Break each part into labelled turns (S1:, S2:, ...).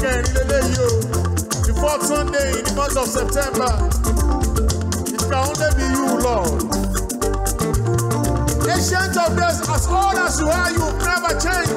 S1: kẹrin lélẹ́yìí the fourth Sunday in the month of September it can only be you Lord. Ancient of days as old as you are you never change.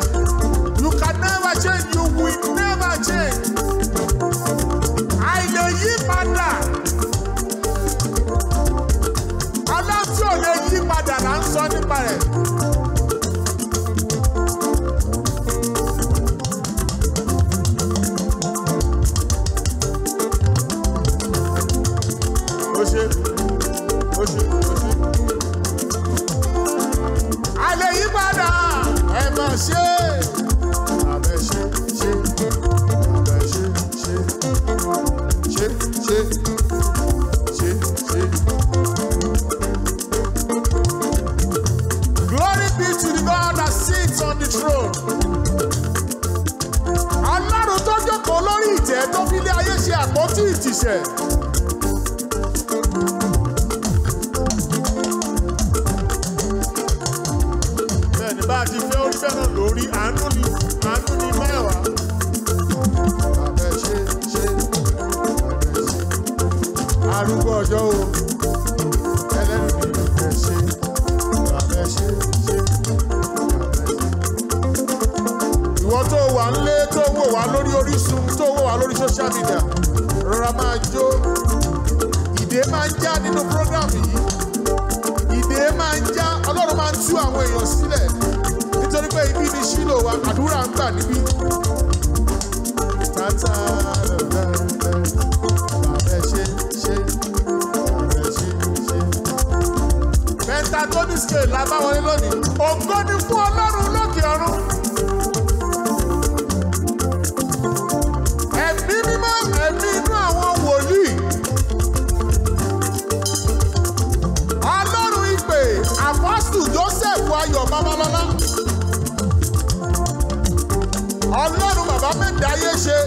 S1: kú ọjọ́ o ẹlẹ́rìí mi ló fẹ́ ṣe àmẹ́ ṣe ṣe àmẹ́ ìwọ tó wà nílé tó wò wá lórí Orísun tó wò wá lórí social media rọra máa jó ìdè máa ń já nínú program yìí ìdè máa ń já Ọlọ́run máa ń tú àwọn èèyàn sílẹ̀ nítorí pé ibi ni Ṣílò wa àdúrà ń gbà níbí. Tata. Wizkid lábáwọlé lónìí ògo ni fún ọlọ́run lókè ọ̀run. ẹ̀mí mímọ́ ẹ̀mí inú àwọn wòlíì. ọlọ́run ìpè àpọ́sù Joseph Ayọ̀ Babalọ́lá. ọlọ́run bàbá mẹ́ta ayé ṣe.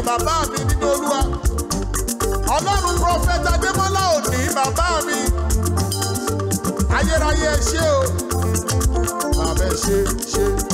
S1: Jamiu bàbá mi nínú Olúwa Ọlọ́run Prophet Adémọ́lá Òní bàbá mi ayérayé ẹ ṣé o bàbá ẹ ṣé ṣé.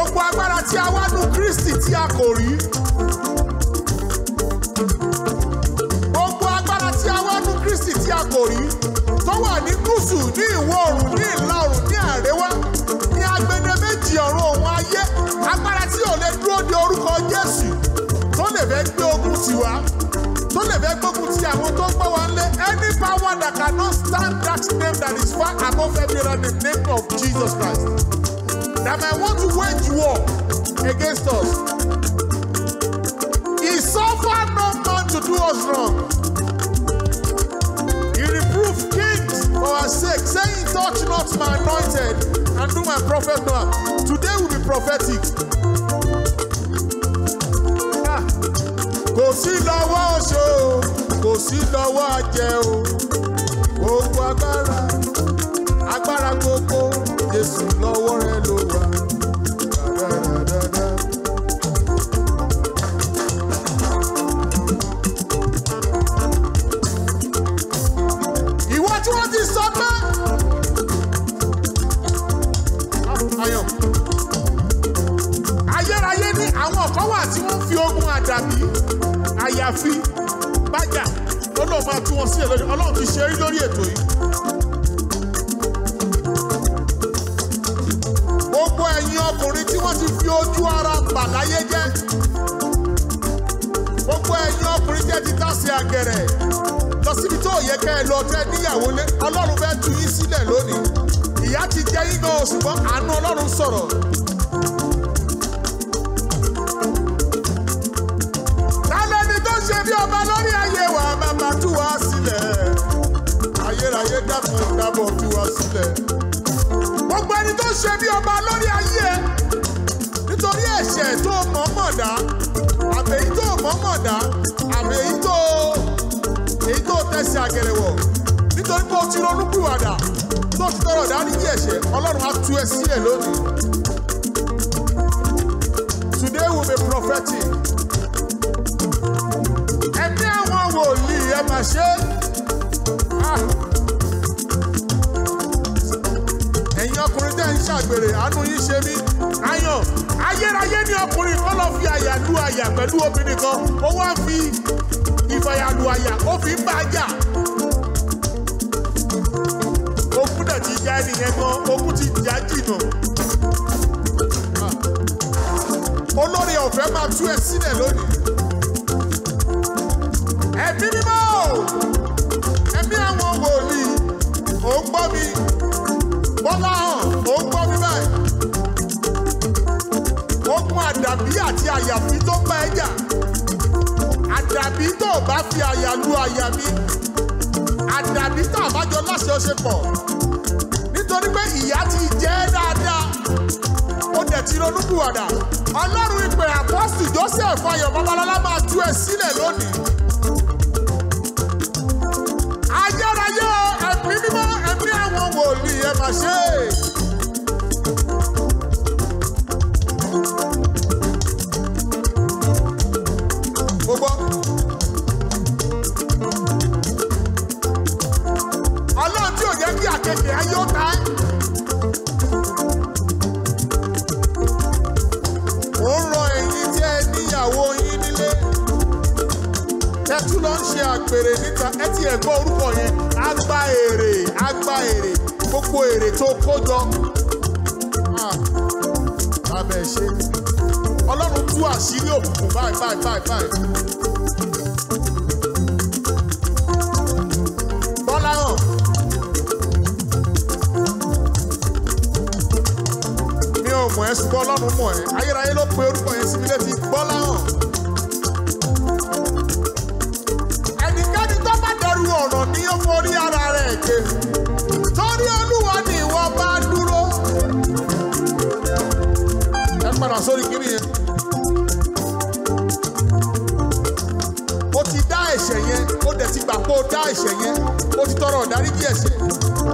S1: gbogbo agbára tí a wá nu Kristi tí a kò rí. gbogbo agbára tí a wá nu Kristi tí a kò rí tó wà ní gúúsù ní ìwọ̀ oòrùn ní ìlà oòrùn ní àríwá ní agbedeméjì ọ̀run òun ayé agbára tí ò lè dúró de orúkọ Jésù tó lè fẹ́ gbé ogun tiwa tó lè fẹ́ gbógun ti àwọn tó gbọ́ wa lé any power that cannot stand that name that is far above every other name name of Jesus Christ that might want to wage war against us. He suffered no man to do us wrong. He reproved kings for our sake, saying, Touch not my anointed and do my prophet no harm. Today will be prophetic. Ah, kò sí lọ́wọ́ oṣó, kò sí lọ́wọ́ ajẹ́ o, gbogbo agbára, agbára gbogbo. Jésù lọ́wọ́ rẹ ló wà. Ìwọ tí wọ́n ti sọ pé. Ayọ̀ ayérayé ní àwọn kan wà tí wọ́n fi ogun àyàfi bájà ó máa tú wọn sílẹ̀ lórí Ọlọ́run ti ṣe rí lórí ètò yìí. ọkùnrin tí wọ́n ti fi ojú ara bà láyé jẹ́ gbogbo ẹ̀yin ọkùnrin tẹ́ ti tàsé àgẹ̀rẹ̀ lọ síbi tó yẹ kẹ́ ẹ lọ tẹ́ níyàwó lé ọlọ́run fẹ́ tú yín sílẹ̀ lónìí ìyà ti jẹ yín gan ṣùgbọ́n àánú ọlọ́run sọ̀rọ̀. tálẹ́ni tó ṣe bí ọba lórí ayé wa bàbá tú wa sílẹ̀ ayérayé dákun dábọ̀ tú wa sílẹ̀ gbogbo ẹni tó ṣe bí ọba lórí ayé ẹ nítorí ẹ̀ṣẹ̀ tó mọ̀ọ́mọ̀ dá àbẹ̀yí tó mọ̀ọ́mọ̀ dá àbẹ̀yí tó èyí tó tẹ̀sí àgẹ̀rẹ̀wọ̀ nítorí pé o ti ronúkúwàdà tó ti tọrọ dáríjì ẹ̀ṣẹ̀ ọlọ́run á tú ẹ sílẹ̀ lónìí. today will be prophetic. ẹ̀mí àwọn wòlíì ẹ máa ṣe é. Ah. ẹ̀yin ọkùnrin tẹ́ ń ṣàgbèrè àánú yín ṣe mí ayọ̀ ayérayé ni ọkùnrin kan lọ fi àyà lu àyà pẹ̀lú obìnrin kan ó wá fi ìfàyà lu àyà ó fi ń bá a jà ogun náà ti já ẹnìyẹn gan ogun ti já jìnnà olórí ọ̀fẹ́ máa tú ẹ sílẹ̀ lónìí ẹ̀mí mímọ́ ẹ̀mí àwọn wòlíì ò ń gbọ́ mi bọ́lá. àdàbí àti àyàfi tó pa ẹjà àdàbí tó bá fi àyà lu àyà mi àdàbí tá a bá jọ láṣẹ ọṣẹ pọ̀ nítorí pé ìyá ti jẹ dáadáa ó dẹ̀ ti ronúkúwàdà ọlọ́run ìpè àpọ́sù Joseph Ayọ̀ Babalọ́lá máa tú ẹ sílẹ̀ lónìí. ayérayé ẹ̀mí mímọ́ ẹ̀mí àwọn wòlíì ẹ̀ máa ṣe é. fèrè níta ẹ ti ẹ̀ gbọ́ orúkọ yẹn agba èrè agba èrè gbogbo èrè tó kó jọ abẹ́ ah, ṣe ọlọ́run tú àṣírí òkùnkùn báyìí báyìí báyìí báyìí. bọ́lá hàn. mi ò mọ̀ ẹ́ ṣùgbọ́n ọlọ́run mọ̀ ẹ́ ayérayé ló pe orúkọ yẹn sí mi létí bọ́lá hàn. sórí kiri yẹn. o ti dá ẹ̀ṣẹ̀ yẹn o dẹ̀ ti gbà pé o dá ẹ̀ṣẹ̀ yẹn o ti tọrọ ìdáríjì ẹ̀ṣẹ̀.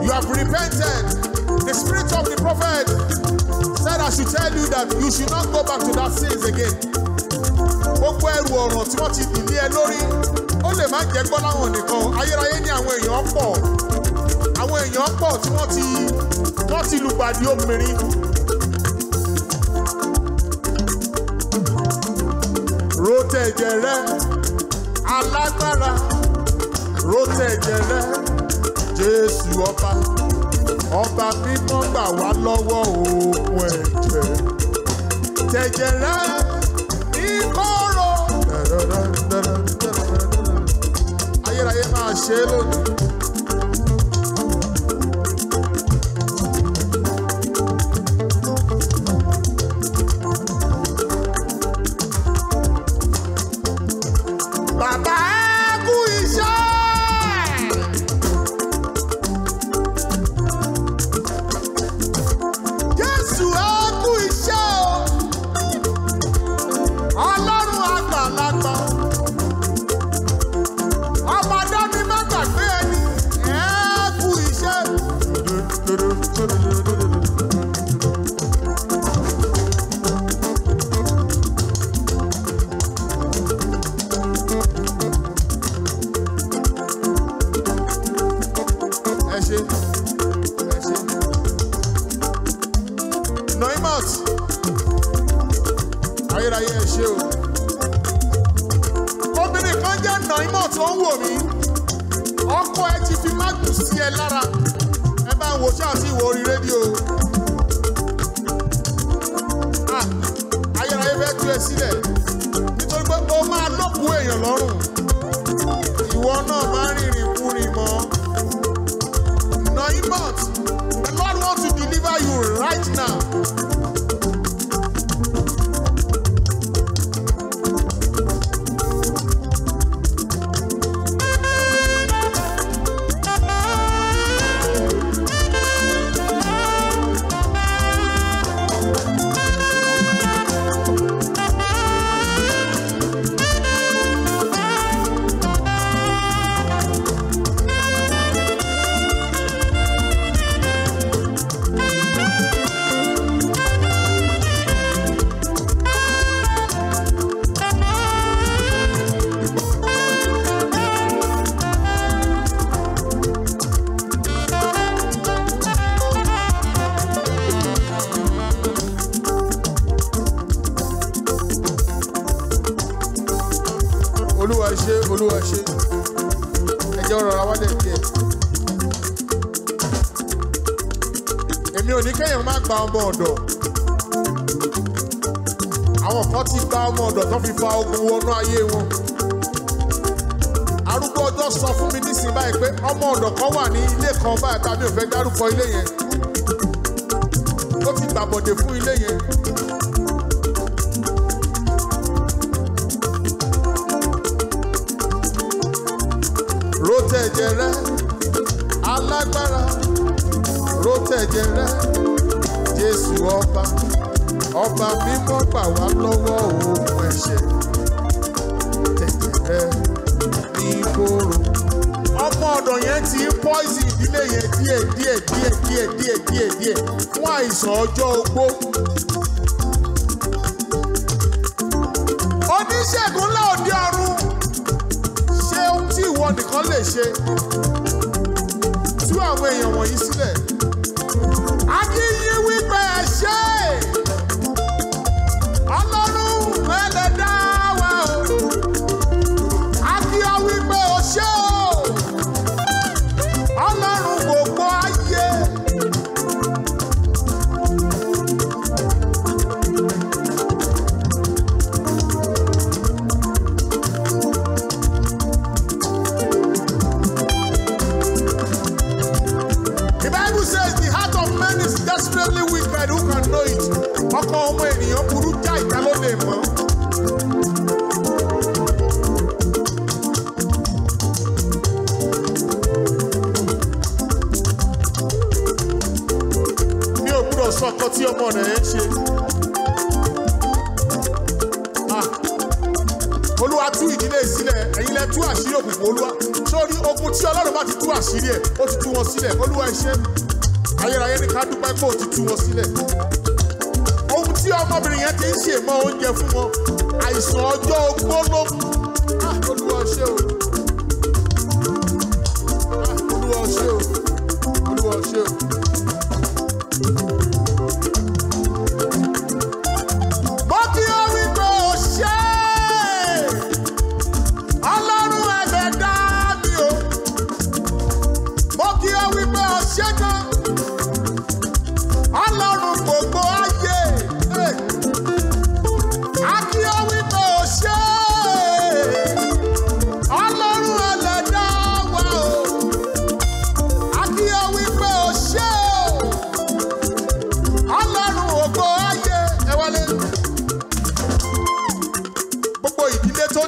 S1: you have repented the spirit of the prophet said I should tell you that you should not go back to that sins again. gbogbo ẹrù ọ̀ràn tí wọ́n ti dìlé ẹ lórí ó lè má jẹ́ gbọ́ láwọn nìkan ayérayé ní àwọn èèyàn pọ̀ àwọn èèyàn pọ̀ tí wọ́n ti lùgbàdì obìnrin ẹ̀jẹ̀ rẹ alágbára ro tẹ̀jẹ̀ rẹ Jésù ọba ọba mímọ́ gbà wá lọ́wọ́ òògùn ẹ̀jẹ̀ tẹ̀jẹ̀ rẹ ní ayérayé máa ṣe é lónìí. olúwa ṣe olúwa ṣe ẹ jẹ́ ọ̀rọ̀ àwálẹ̀ díẹ̀. èmi ò ní kéèyàn má gba ọmọ ọ̀dọ̀ àwọn kan ti gba ọmọ ọ̀dọ̀ tó fi fa ogun wọnú ayé wọn arúgbó ọjọ́ sọ fún mi nísìnyí báyìí pé ọmọ ọ̀dọ̀ kan wà ní ilé kan báyìí tàbí ò fẹ́ dárúkọ ilé yẹn ó ti gbàbọ̀dé fún ilé yẹn. rotẹ̀jẹ̀ rẹ alágbára rotẹ̀jẹ̀ rẹ Jésù ọba ọba mímọ́ gbà wá lọ́wọ́ òun ẹ̀ṣẹ̀ tẹ̀jẹ̀ rẹ ní kóró. ọmọ ọ̀dọ̀ yẹn ti ń pọ́ìsì ìdílé yẹn díẹ̀ díẹ̀ díẹ̀ díẹ̀ díẹ̀ díẹ̀ díẹ̀ fún àìsàn ọjọ́ ogbó. oníṣègùn ńlá òde lè ṣe tú àwọn èèyàn wọ̀nyí sílẹ̀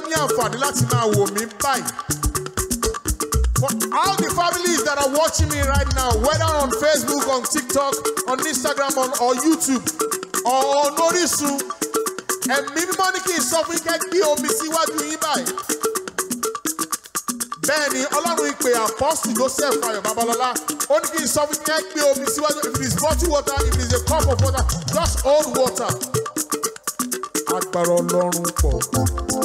S1: ní àǹfààní láti máa wò mí báyìí. For all the families that are watching me right now, whether on Facebook, on TikTok, on Instagram, on or YouTube, or on Orisun, and mímọ́ ní kí n sọ fún yín kẹ́ gbé omi síwájú yín báyìí. Bẹ́ẹ̀ ni Ọlọ́run ìpè Apostle Joseph Ayọ̀ Babalọ́lá ó ní kí n sọ fún yín kẹ́ gbé omi síwájú if it is bottled water if it is a cup of water just hold water agbára ọlọ́run pọ̀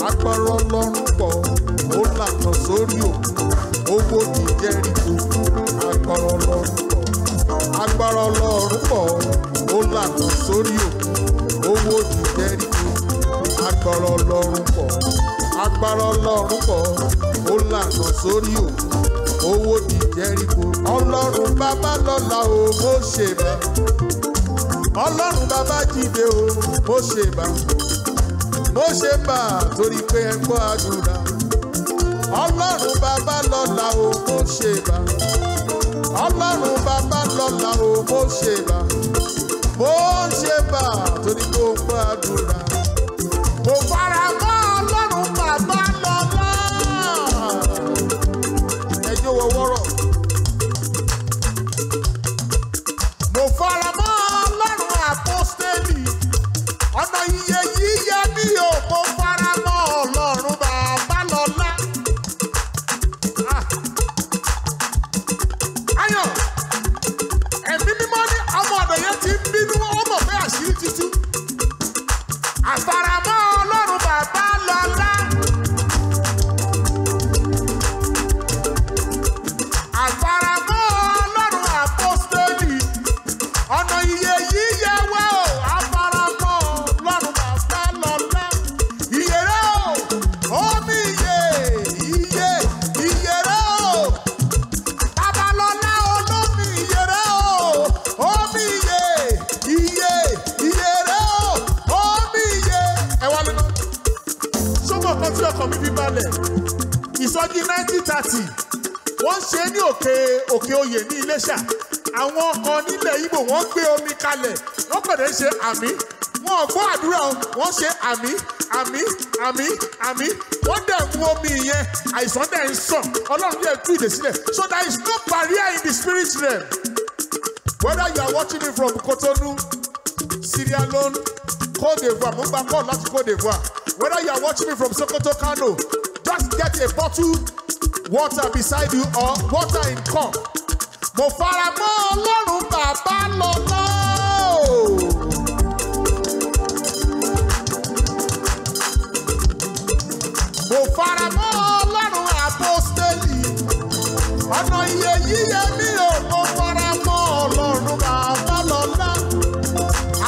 S1: agbára ọlọ́run pọ̀ ó lànà sórí òkun owó ní Jẹ́ríkò agbára ọlọ́run pọ̀ agbára ọlọ́run pọ̀ ó lànà sórí òkun owó ní Jẹ́ríkò agbára ọlọ́run pọ̀ agbára ọlọ́run pọ̀ ó lànà sórí òkun owó ní Jẹ́ríkò ọlọ́run bàbá lọ́lá o mo ṣe bẹ́ẹ̀ ọlọ́run bàbá jíde o mo ṣe bá ó ṣe bà torí pé ẹ gbọ́ àdúrà ọlọ́run bàbá lọ́la o mo ṣe bà ọlọ́run bàbá lọ́la o mo ṣe bà mo ṣe bà torí pé ó gbọ́ àdúrà. tètè sílẹ̀ so there is no barrier in the spirit realm whether you are watching me from Cotonou Sierra Leone Cote d'Ivoire mo ń Cote d'Ivoire whether you are watching me from Sokoto Kano just get a bottle water beside you or water in cup mo fara mọ́ Ọlọ́run bàbá mo fara àmọye yíyẹ mi ò mo fara mọ́ ọlọ́run bàbá lọ́lá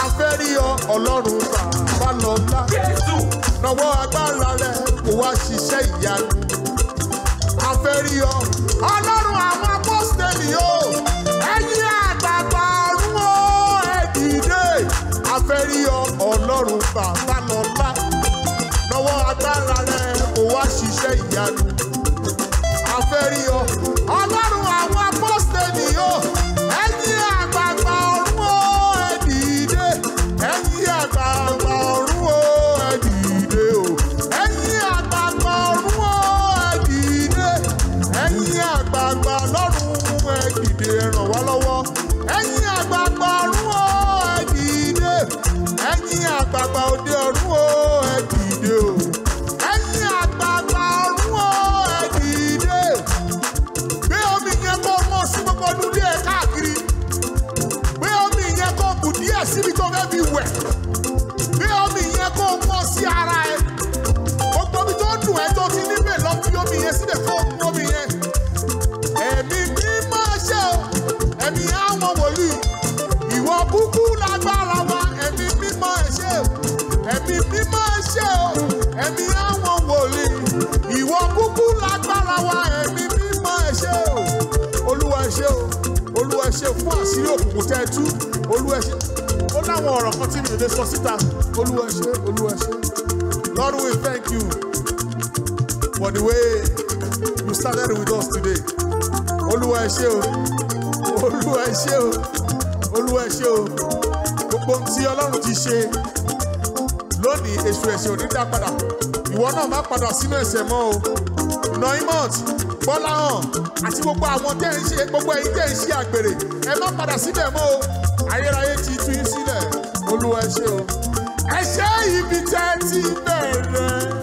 S1: afẹ́rí ọlọ́run bàbá lọ́lá nọwọ́ agbára rẹ̀ kó wá ṣiṣẹ́ ìyanu afẹ́rí ọ ọlọ́run àwọn apọ́sítẹ́lì o ẹ̀yin àgbààgbà ọ̀run o ẹ dìde afẹ́rí ọ ọlọ́run bàbá lọ́lá nọwọ́ agbára rẹ̀ kó wá ṣiṣẹ́ ìyanu afẹ́rí ọ. ẹ̀mí àwọn wòlíì ìwọ kúkú lágbára wa ẹ̀mí mímọ́ ẹ ṣé o olúwa ẹ o olúwa ẹ ṣé fún àṣírí òkùnkùn tẹ́ ẹ tú olúwa ẹ ṣé ó láwọn ọ̀rọ̀ kan tí mi ò lè sọ síta olúwa ẹ olúwa ẹ Lord we thank you for the way you started with us today olúwa ẹ o olúwa ẹ o olúwa ẹ o gbogbo ohun tí ọlọ́run ti ṣe lónìí èṣù ẹ̀ṣẹ̀ ò ní dá padà ìwọ náà má padà sínú ẹ̀ṣẹ̀ mọ́ o noimot bọ́láhàn àti gbogbo àwọn tẹ́ ń ṣe gbogbo ẹ̀yin tẹ́ ń ṣe àgbèrè ẹ má padà síbẹ̀ mọ́ o ayérayé ti tú yín sílẹ̀ olúwa ẹ ṣé o ẹ ṣé ibi tẹ́ ti bẹ̀rẹ̀.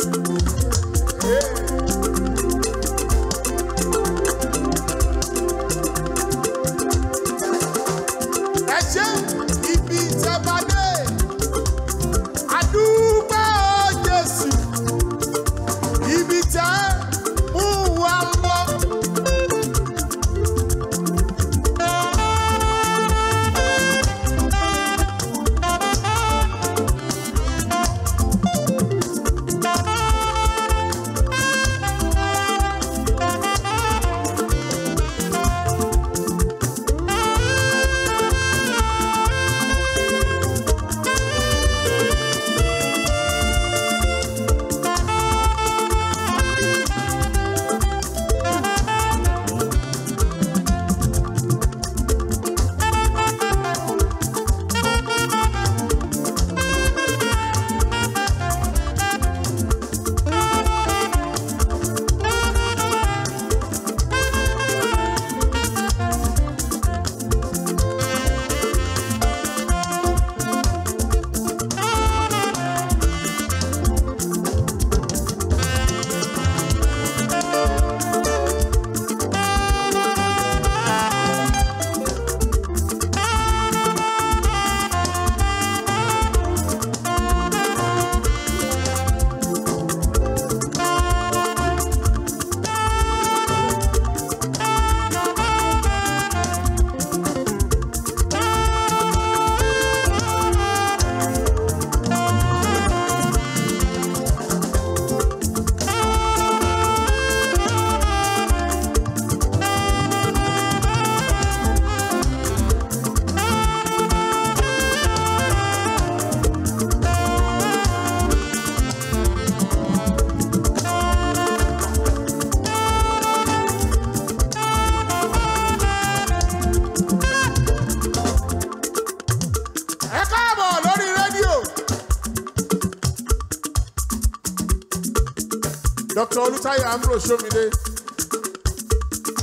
S1: Dr. Olútáyọ̀ Ambrose Ṣómilé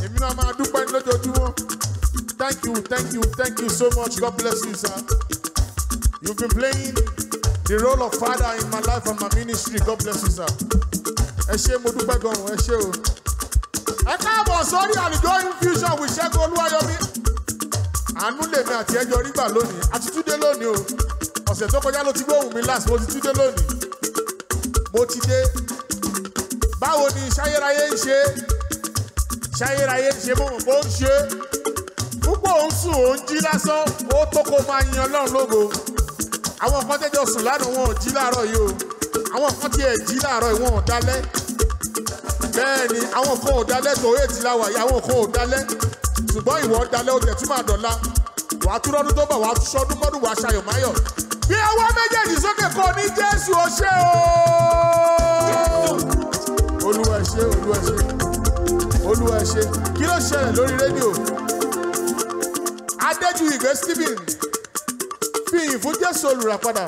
S1: èmi náà máa dúpẹ́ lójoojúmọ́ thank you thank you thank you so much God bless you sir you been playing the role of father in my life and my ministry God bless you sir ẹ ṣé mo dúpẹ́ gan-an ẹ ṣé o. ẹ káàbọ̀ sórí AlujoHymn Fusion with Ṣẹ́gun Olúwayọ̀mí àánú lèmi àti ẹjọ́ rígbà lónìí àti túndé lónìí o ọ̀sẹ̀ tó kọjá ló ti gbóhùn mi last mo ti túndé lónìí mo ti dé báwo ni ṣayérayé ń ṣe ṣayérayé ń ṣe mọ̀ bó ń ṣe púpọ̀ ń sùn ó ń jí lásán ó tó kó máa yan ọlọ́run lógo àwọn kan tẹ́jọ sùn lánàá wọn ò jí láàárọ̀ yìí o àwọn kan tiẹ̀ jí láàárọ̀ yìí wọn ò dalẹ́ bẹ́ẹ̀ ni àwọn kan ò dalẹ́ tó èyí ti láwà yìí àwọn kan ò dalẹ́ ṣùgbọ́n ìwọ dalẹ́ ó tẹ̀ tún máa dọ̀la wàá tún lọ́dún tó bọ̀ wàá tún ṣọdún mọ́dún wàá ṣayọ̀ máyọ̀ bí ọwọ́ méjèèjì sókè kọ ní Jésù ó o olúwa ẹ ṣé olúwa ẹ ṣé olúwa ẹ ṣé kí ló ṣẹlẹ̀ lórí rédíò adéjú ìgbé stephen fi ìyìn fún jésù olùràpadà.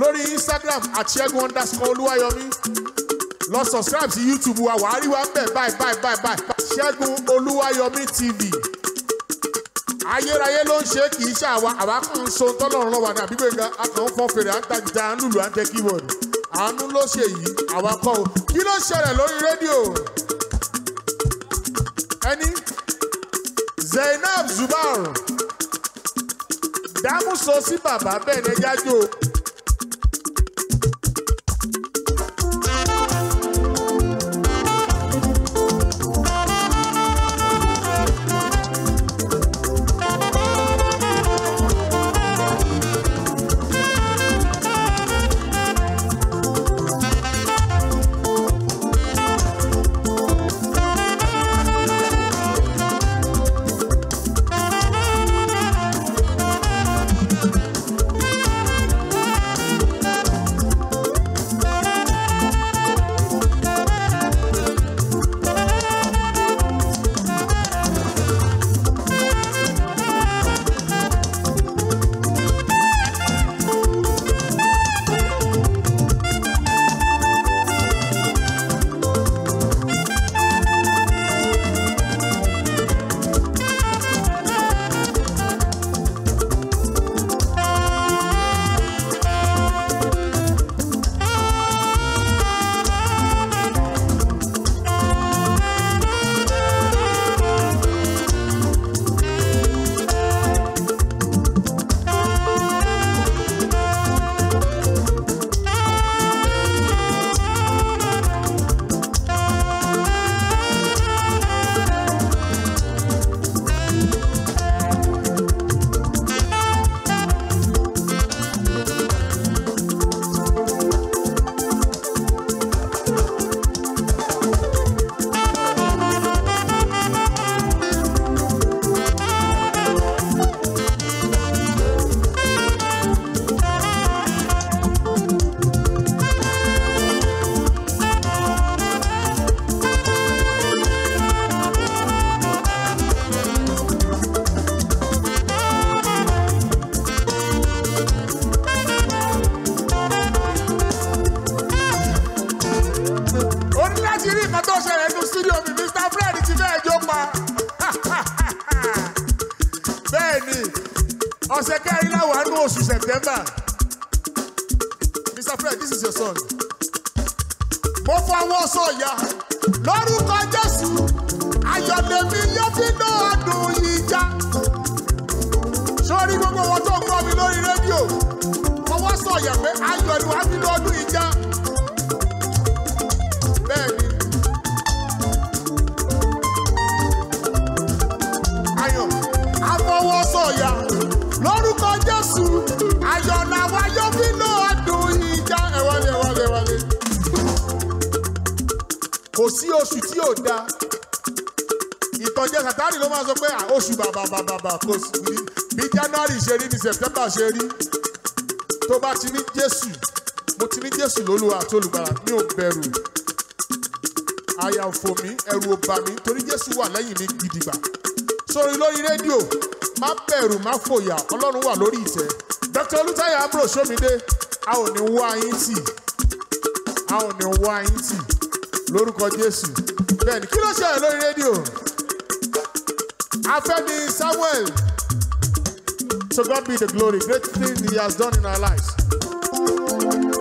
S1: lórí instagram àti ṣẹ́gun underscore olúwayọ̀mí lọ subscribe sí youtube wa wàá rí wa ń bẹ̀ báyìí báyìí báyìí báyìí ṣẹ́gun olúwayọ̀mí tv ayérayé ló ń ṣe kì í ṣàwa àwa kàn ń so tọ́lọ́run lọ́wọ́ ní àbígbèga akàn fọ́n fèrè àtàjà ànúlù àtẹ keyboard àánú ló ṣe yìí àwa kọ́ o kí ló ṣẹlẹ̀ lórí rédíò ẹni Zainab Zubar dámúso sí bàbá bẹ́ẹ̀ ni ẹjájú o. pẹ̀lú wá sínú ọdún ìjà. Bẹ́ẹ̀ni. Ayọ̀ afọwọ́sọ̀yà lórúkọ Jésù ayọ̀ làwọn ayọ̀ fi lọ ọdún ìjà ẹ̀wọ̀lẹ̀ ẹ̀wọ̀lẹ̀ da. Ìtọ́jẹ́ Sàtánì ló máa sọ pé oṣù bàbà bàbà kò sí bí January ṣe rí ni September ṣe rí tó bá ti ní Jésù mo ti ní Jésù lólúwa àti olùgbàlà mi ò bẹ̀rù àyà ò fò mí ẹ̀rù ò bà mí torí Jésù wà lẹ́yìn mi gidigba sórí lórí rédíò má bẹ̀rù má fòyà Ọlọ́run wà lórí ìtẹ́ Dr. Olùtayọ Ambro Ṣómidé a ò ní wá yín tì a ò ní wá yín tì lórúkọ Jésù bẹ́ẹ̀ kí ló ṣẹlẹ̀ lórí rédíò afẹ́ni Samuel. So God be the glory. Great things He has done in our lives.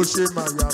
S1: tó ṣe màyà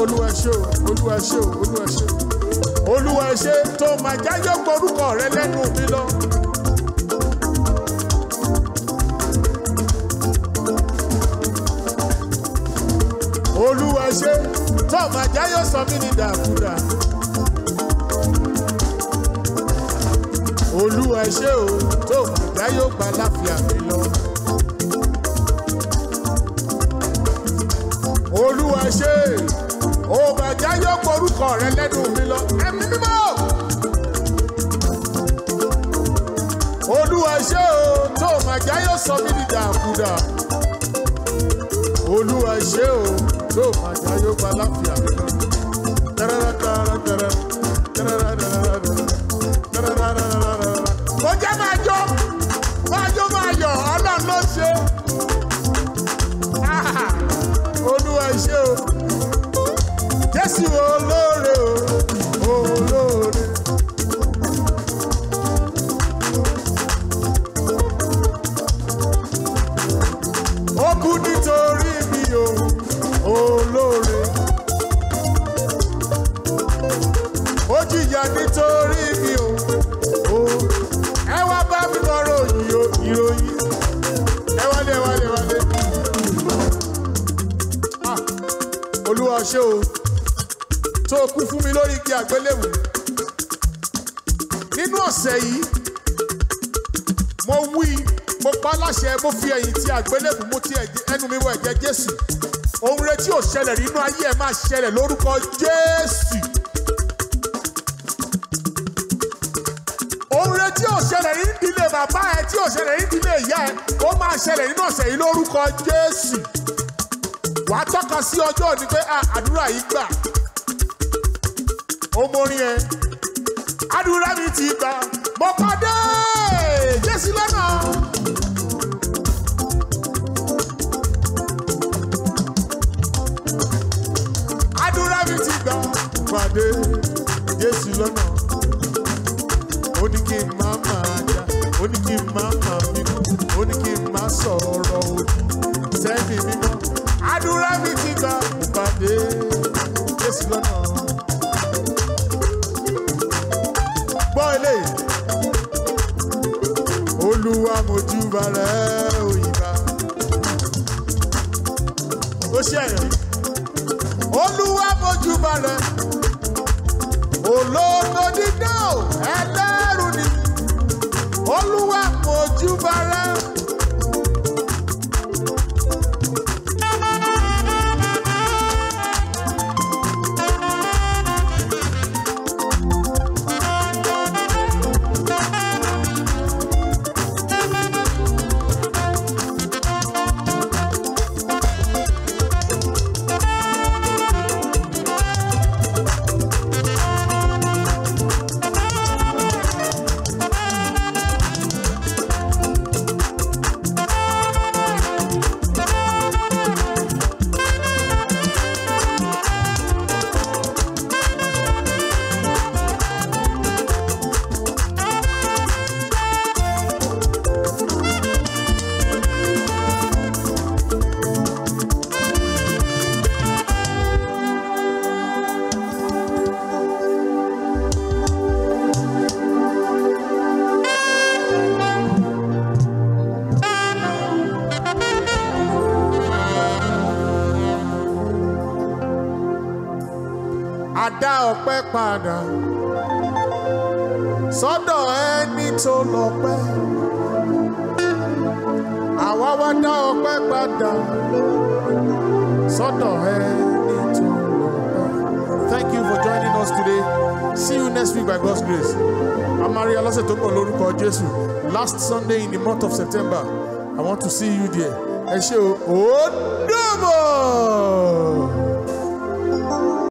S1: olúwa ṣé o olúwa ṣé o olúwa ṣé o olúwa ṣé tó máa jájọ́ gborúkọ rẹ lẹ́nu mi lọ. olúwa tó máa jáyọ̀ sọ mí ní dàkúdà. olúwa o tó máa jáyọ̀ gba láfíà mi lọ. olúwa òbàjá yóò porúkọ rẹ lẹ́nu mi lọ ẹ̀mí mímọ́. olúwa ṣé o tó màjá yóò sọ mí di dàkúdà olúwa ṣé o tó màjá yóò gba láfíà mi lọ. tẹ́rẹ́rẹ́ tẹ́rẹ́rẹ́ tẹ́rẹ́rẹ́ tẹ́rẹ́rẹ́ tẹ́rẹ́rẹ́. tó pín fún mi lórí igi àgbélébù nínú ọ̀sẹ̀ yìí mo wí mo pa láṣẹ mo fi ẹ̀yìn ti àgbélébù mo ti ẹnu mi wọ ẹ̀jẹ̀ Jésù ohun retí ò ṣẹlẹ̀ nínú ayé ẹ̀ máa ṣẹlẹ̀ lórúkọ Jésù. ohun retí ò ṣẹlẹ̀ ní ìdílé bàbá ẹ tí ò ṣẹlẹ̀ ní ìdílé ìyá ẹ ó máa ṣẹlẹ̀ nínú ọ̀sẹ̀ yìí lórúkọ Jésù. wàá tọ́ka sí ọjọ́ òní pé àdúrà yìí gbà ó borin ẹ àdúrà mi ti gbà mo pàdé Jésù lọ́nà. àdúrà mi ti gbà pàdé Jésù lọ́nà ó ní kí n má máa jà ó ní kí n má máa bínú ó ní kí n má sọ̀rọ̀ òdì sẹ́ni mímọ́ àdúrà mi ti gbà pàdé Jésù lọ́nà. fojú balẹ̀ òyìnbá. ó ṣe ẹ̀yọ́ olúwa fojú balẹ̀ olóòtú dídá ẹlẹ́rù ni olúwa fojú balẹ̀. padà sọ́dọ̀ ẹni tó lọ́pẹ́ àwa wá dá ọpẹ́ padà sọ́dọ̀ ẹni tó lọ́pẹ́. Thank you for joining us today. See you next week by God's grace. Amaria lọ́sẹ̀ tó pọ̀ lórúkọ Jésù. Last Sunday in the month of September. I want to see you there. Ẹ ṣé o, ó dàbọ̀.